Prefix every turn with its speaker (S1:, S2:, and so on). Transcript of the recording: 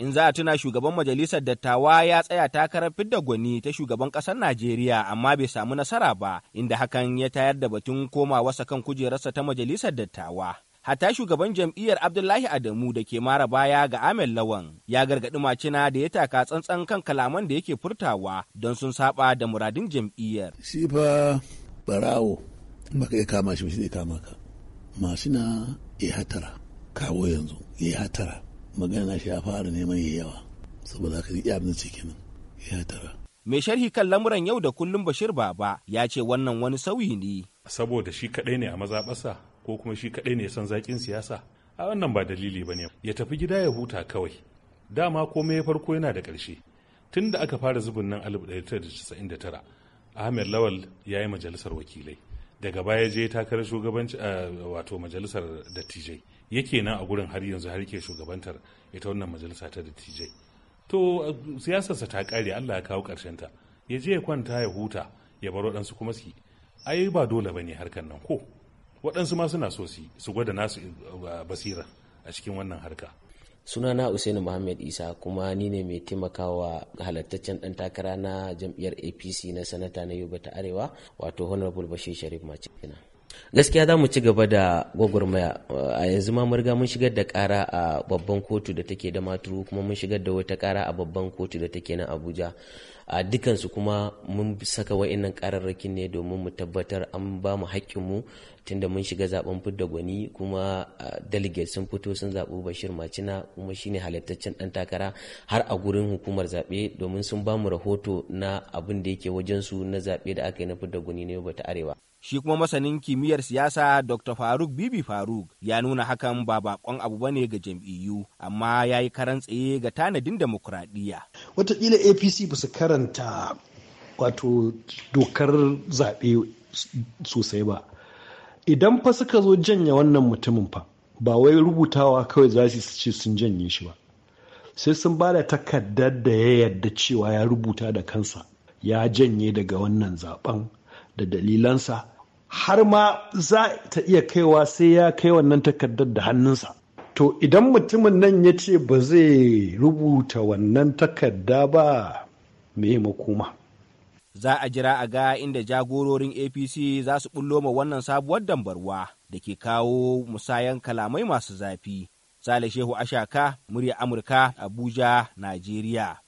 S1: In za a tuna shugaban majalisar dattawa ya tsaya takarar fidda gwani ta shugaban ƙasar Najeriya amma bai samu nasara ba, inda hakan ya tayar da batun koma wasa kan kujerarsa ta majalisar dattawa. Hata shugaban jam'iyyar Abdullahi Adamu da ke mara baya ga amel Lawan ya gargaɗi macina da ya taka tsantsan kan kalaman da yake furtawa don sun saba da muradin jam'iyyar.
S2: sifa barawo baka iya kama shi ba shi ne kama ka. Masina ya hatara kawo yanzu ya hatara magana shi ya fara neman ya yawa saboda haka ji abin ce kenan ya tara
S1: mai sharhi kan lamuran yau da
S3: kullum bashir baba ya ce wannan wani sauyi ne saboda shi kadai ne a mazaɓarsa ko kuma shi kaɗai ne san zakin siyasa a wannan ba dalili ba ne ya tafi gida ya huta kawai dama komai ya farko yana da ƙarshe tun da aka fara zubin nan 1999 ahmed lawal ya yi majalisar wakilai daga baya je takarar shugabanci wato majalisar dattijai yake nan a gurin har yanzu har ke shugabantar ita wannan majalisa ta dattijai to siyasarsa ta kare Allah ya kawo karshen ta ya je ya kwanta ya huta ya bar waɗansu kuma su ai ba dole ba ne harkar nan ko waɗansu ma suna so su gwada nasu eh, basira a cikin wannan harka
S4: Suna na usainu muhammad isa kuma ni ne mai taimakawa halartaccen dan takara na jam'iyyar apc na sanata na Yuba ta arewa wato honorable bashir sharif macina gaskiya za mu ci gaba da gwagwarmaya a yanzu ma riga mun shigar da kara a babban kotu da take da maturu kuma mun shigar da wata kara a babban kotu da take nan abuja a dukansu kuma mun saka wa'annan kararrakin ne domin mu tabbatar an ba mu haƙƙinmu tunda mun shiga zaben fidda gwani kuma delegates sun fito sun zaɓi bashir macina kuma shine halittaccen ɗan takara har a gurin hukumar zaɓe domin sun bamu rahoto na abin da yake wajensu na zaɓe da aka yi na fidda gwani na yau ta arewa
S1: shi kuma masanin kimiyyar siyasa dr faruk bibi faruk ya nuna hakan ba bakon abu bane ga jam'iyyu amma ya yi karan tsaye
S5: ga tanadin demokuraɗiyya watakila apc ba su karanta wato dokar zaɓe sosai ba idan fa suka zo janye wannan mutumin fa ba wai rubutawa kawai za su ce sun janye shi ba sai sun ba da takardar da ya yarda cewa ya rubuta da kansa ya janye daga wannan zaben da dalilansa har ma za ta iya kaiwa sai ya kai wannan takardar da hannunsa to idan mutumin nan ya ce ba zai rubuta wannan takarda ba me makoma
S1: za a jira a ga inda jagororin apc za su bullo ma wannan sabuwar dambarwa da ke kawo musayan kalamai masu zafi sale shehu ashaka murya amurka abuja najeriya